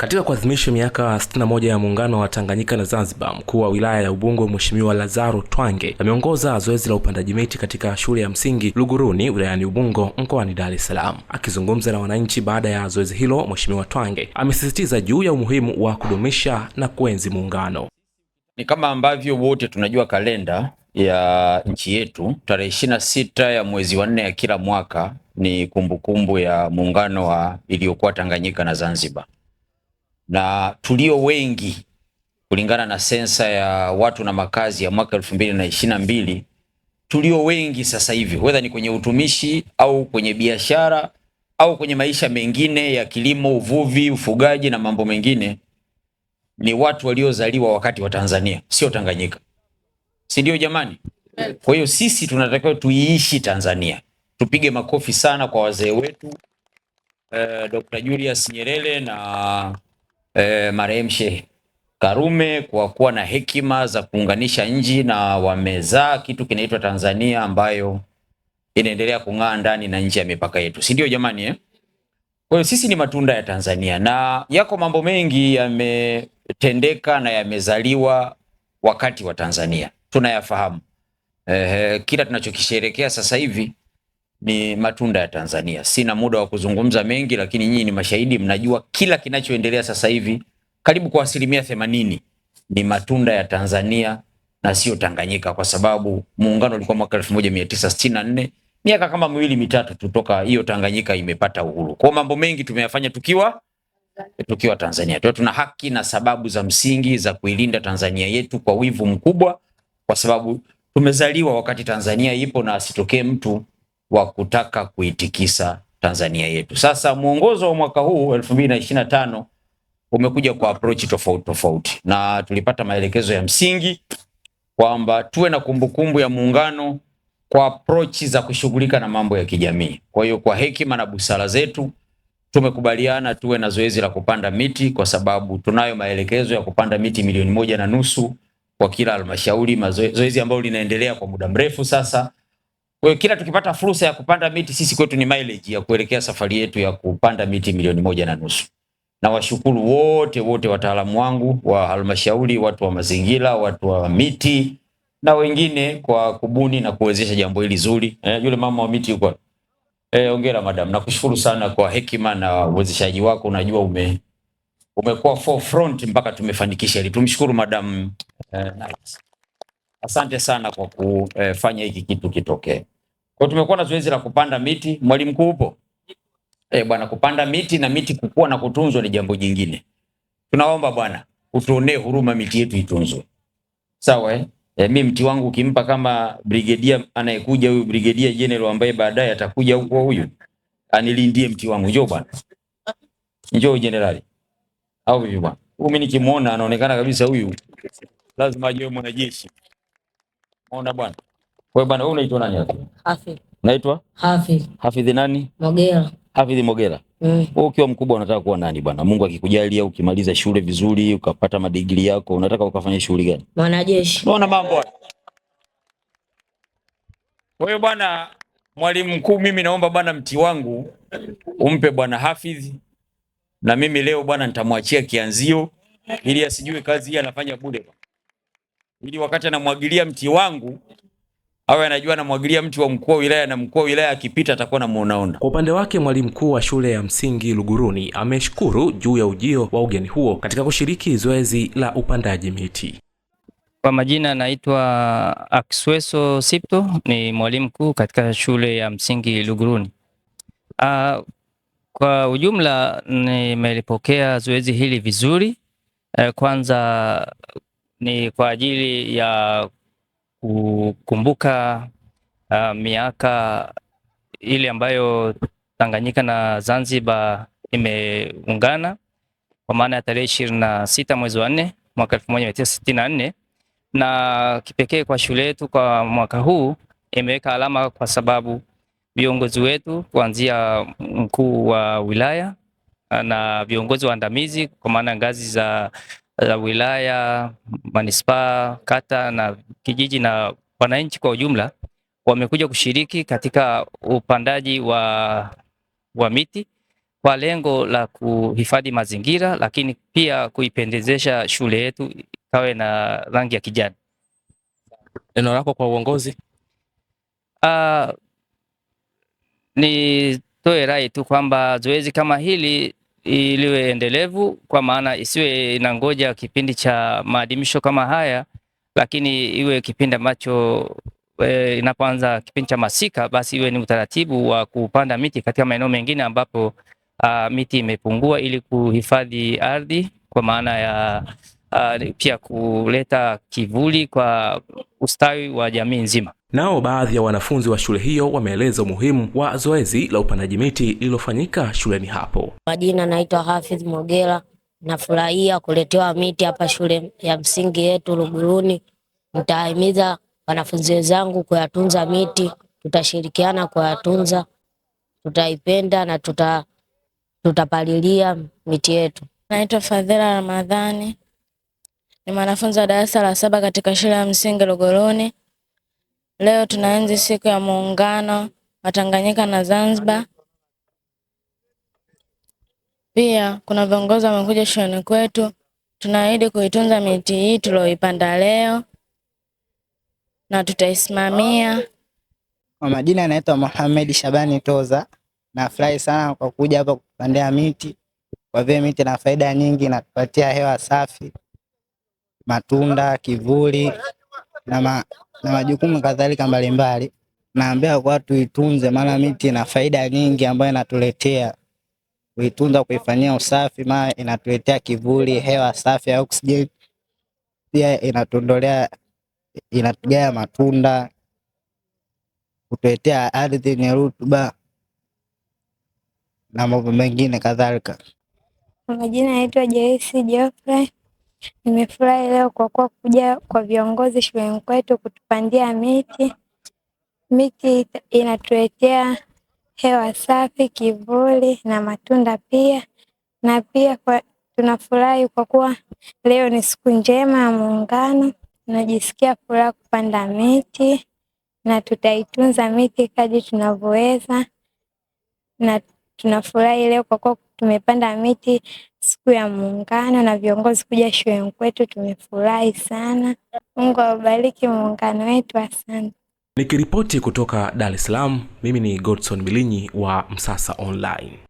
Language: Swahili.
Katika kuadhimisha miaka 61 ya muungano wa Tanganyika na Zanzibar, mkuu wa wilaya ya Ubungo Mheshimiwa Lazaro Twange ameongoza zoezi la upandaji miti katika shule ya msingi Luguruni wilayani Ubungo mkoani Dar es Salaam. Akizungumza na wananchi baada ya zoezi hilo, Mheshimiwa Twange amesisitiza juu ya umuhimu wa kudumisha na kuenzi muungano. Ni kama ambavyo wote tunajua kalenda ya nchi yetu, tarehe ishirini na sita ya mwezi wa nne ya kila mwaka ni kumbukumbu kumbu ya muungano wa iliyokuwa Tanganyika na Zanzibar na tulio wengi kulingana na sensa ya watu na makazi ya mwaka elfu mbili na ishirini na mbili tulio wengi sasa hivi, whether ni kwenye utumishi au kwenye biashara au kwenye maisha mengine ya kilimo, uvuvi, ufugaji na mambo mengine, ni watu waliozaliwa wakati wa Tanzania, sio Tanganyika, si ndio jamani? Kwa hiyo sisi tunatakiwa tuiishi Tanzania. Tupige makofi sana kwa wazee wetu eh, Dr. Julius Nyerere na eh, marehemu Sheikh Karume kwa kuwa na hekima za kuunganisha nchi na wamezaa kitu kinaitwa Tanzania ambayo inaendelea kung'aa ndani na nje ya mipaka yetu, si ndio jamani eh? Kwa hiyo sisi ni matunda ya Tanzania na yako mambo mengi yametendeka na yamezaliwa wakati wa Tanzania tunayafahamu. Eh, eh kila tunachokisherekea sasa hivi ni matunda ya Tanzania. Sina muda wa kuzungumza mengi, lakini nyinyi ni mashahidi, mnajua kila kinachoendelea sasa hivi karibu kwa asilimia themanini ni matunda ya Tanzania na sio Tanganyika, kwa sababu muungano ulikuwa mwaka 1964 miaka kama miwili mitatu tu toka hiyo Tanganyika imepata uhuru. Kwa mambo mengi tumeyafanya tukiwa tukiwa Tanzania. Tuo tuna haki na sababu za msingi za kuilinda Tanzania yetu kwa wivu mkubwa, kwa sababu tumezaliwa wakati Tanzania ipo, na asitokee mtu wa kutaka kuitikisa Tanzania yetu. Sasa mwongozo wa mwaka huu 2025 umekuja kwa approach tofauti tofauti, na tulipata maelekezo ya msingi kwamba tuwe na kumbukumbu kumbu ya Muungano kwa approach za kushughulika na mambo ya kijamii. Kwa hiyo, kwa hekima na busara zetu tumekubaliana tuwe na zoezi la kupanda miti kwa sababu tunayo maelekezo ya kupanda miti milioni moja na nusu kwa kila halmashauri, zoezi ambalo linaendelea kwa muda mrefu sasa kwa hiyo kila tukipata fursa ya kupanda miti sisi kwetu ni mileage ya kuelekea safari yetu ya kupanda miti milioni moja na nusu. Na washukuru wote wote wataalamu wangu wa halmashauri, watu wa mazingira, watu wa miti na wengine kwa kubuni na kuwezesha jambo hili zuri. Eh, yule mama wa miti yuko. Eh, hongera madam. Nakushukuru sana kwa hekima na uwezeshaji wako. Unajua ume umekuwa forefront mpaka tumefanikisha hili. Tumshukuru madam eh, nice asante sana kwa kufanya hiki kitu kitokee. Kwa tumekuwa na zoezi la kupanda miti. Mwalimu mkuu upo? Eh, bwana, kupanda miti na miti kukua na kutunzwa ni jambo jingine. Tunaomba bwana utuonee huruma, miti yetu itunzwe. Sawa eh? E, eh, mi mti wangu ukimpa kama brigedia anayekuja huyu brigedia general ambaye baadaye atakuja huko, huyu anilindie mti wangu. Njoo bwana, njoo generali, au vipi bwana? Huyu mimi nikimuona anaonekana kabisa huyu lazima ajiwe mwanajeshi. Ona bwana. Wewe bwana wewe unaitwa nani hapa? Hafidh. Unaitwa? Hafidh. Hafidh nani? Mogera. Hafidh Mogera. Mm. Wewe Mm. ukiwa mkubwa unataka kuwa nani bwana? Mungu akikujalia ukimaliza shule vizuri, ukapata madigiri yako, unataka ukafanya shughuli gani? Mwanajeshi. Unaona mambo. haya. Wewe bwana mwalimu mkuu, mimi naomba bwana mti wangu umpe bwana Hafidh, na mimi leo bwana nitamwachia kianzio ili asijue kazi hii anafanya bure bwana ili wakati anamwagilia mti wangu awe anajua anamwagilia mti wa mkuu wa wilaya na mkuu wa wilaya akipita atakuwa namuonaona. Kwa upande wake, mwalimu mkuu wa shule ya msingi Luguruni ameshukuru juu ya ujio wa ugeni huo katika kushiriki zoezi la upandaji miti. Kwa majina anaitwa Aksweso Sipto, ni mwalimu mkuu katika shule ya msingi Luguruni. Aa, ah, kwa ujumla nimelipokea zoezi hili vizuri. Eh, kwanza ni kwa ajili ya kukumbuka uh, miaka ile ambayo Tanganyika na Zanzibar imeungana kwa maana ya tarehe ishirini na sita mwezi wa nne mwaka elfu moja mia tisa sitini na nne na kipekee kwa shule yetu kwa mwaka huu imeweka alama kwa sababu viongozi wetu kuanzia mkuu wa wilaya uh, na viongozi waandamizi kwa maana ngazi za la wilaya, manispaa, kata na kijiji na wananchi kwa ujumla wamekuja kushiriki katika upandaji wa, wa miti kwa lengo la kuhifadhi mazingira, lakini pia kuipendezesha shule yetu ikawe na rangi ya kijani. Neno lako kwa uongozi? Uh, nitoe rai tu kwamba zoezi kama hili iliwe endelevu, kwa maana isiwe inangoja kipindi cha maadhimisho kama haya, lakini iwe kipindi ambacho e, inapoanza kipindi cha masika, basi iwe ni utaratibu wa kupanda miti katika maeneo mengine ambapo a, ah, miti imepungua ili kuhifadhi ardhi kwa maana ya uh, pia kuleta kivuli kwa ustawi wa jamii nzima. Nao baadhi ya wanafunzi wa shule hiyo wameeleza umuhimu wa zoezi la upandaji miti lililofanyika shuleni hapo. Majina naitwa Hafidh Mogera, nafurahia kuletewa miti hapa shule ya msingi yetu Luguruni. Nitahimiza wanafunzi wenzangu kuyatunza miti, tutashirikiana kuyatunza, tutaipenda na tuta tutapalilia miti yetu. Naitwa Fadhila Ramadhani, ni mwanafunzi wa darasa la saba katika shule ya msingi Lugoluni. Leo tunaenzi siku ya muungano wa Tanganyika na Zanzibar. Pia kuna viongozi wamekuja shuleni kwetu. Tunaahidi kuitunza miti hii tulioipanda leo na tutaisimamia. Kwa majina anaitwa Mohamed Shabani Toza. Nafurahi sana kwa kuja hapa kupandea miti, kwa vile miti na faida nyingi, inatupatia hewa safi matunda, kivuli na, ma, na majukumu kadhalika mbalimbali. Naambia kwa tuitunze, maana miti ina faida nyingi ambayo inatuletea kuitunza, kuifanyia usafi, maana inatuletea kivuli, hewa safi ya oksijeni, pia inatondolea, inatugaya matunda, kutuletea ardhi yenye rutuba na mambo mengine kadhalika. Majina yaitwa Joyce Geoffrey Nimefurahi leo kwa kuwa kuja kwa viongozi shuleni kwetu kutupandia miti. Miti inatuletea hewa safi, kivuli na matunda pia, na pia tunafurahi kwa kuwa leo ni siku njema ya Muungano. Tunajisikia furaha kupanda miti na tutaitunza miti kadri tunavyoweza, na tunafurahi leo kwa kuwa tumepanda miti siku ya Muungano na viongozi kuja shuleni kwetu. Tumefurahi sana. Mungu awabariki muungano wetu. Asante. Nikiripoti kutoka Dar es Salaam, mimi ni Godson Milinyi wa Msasa Online.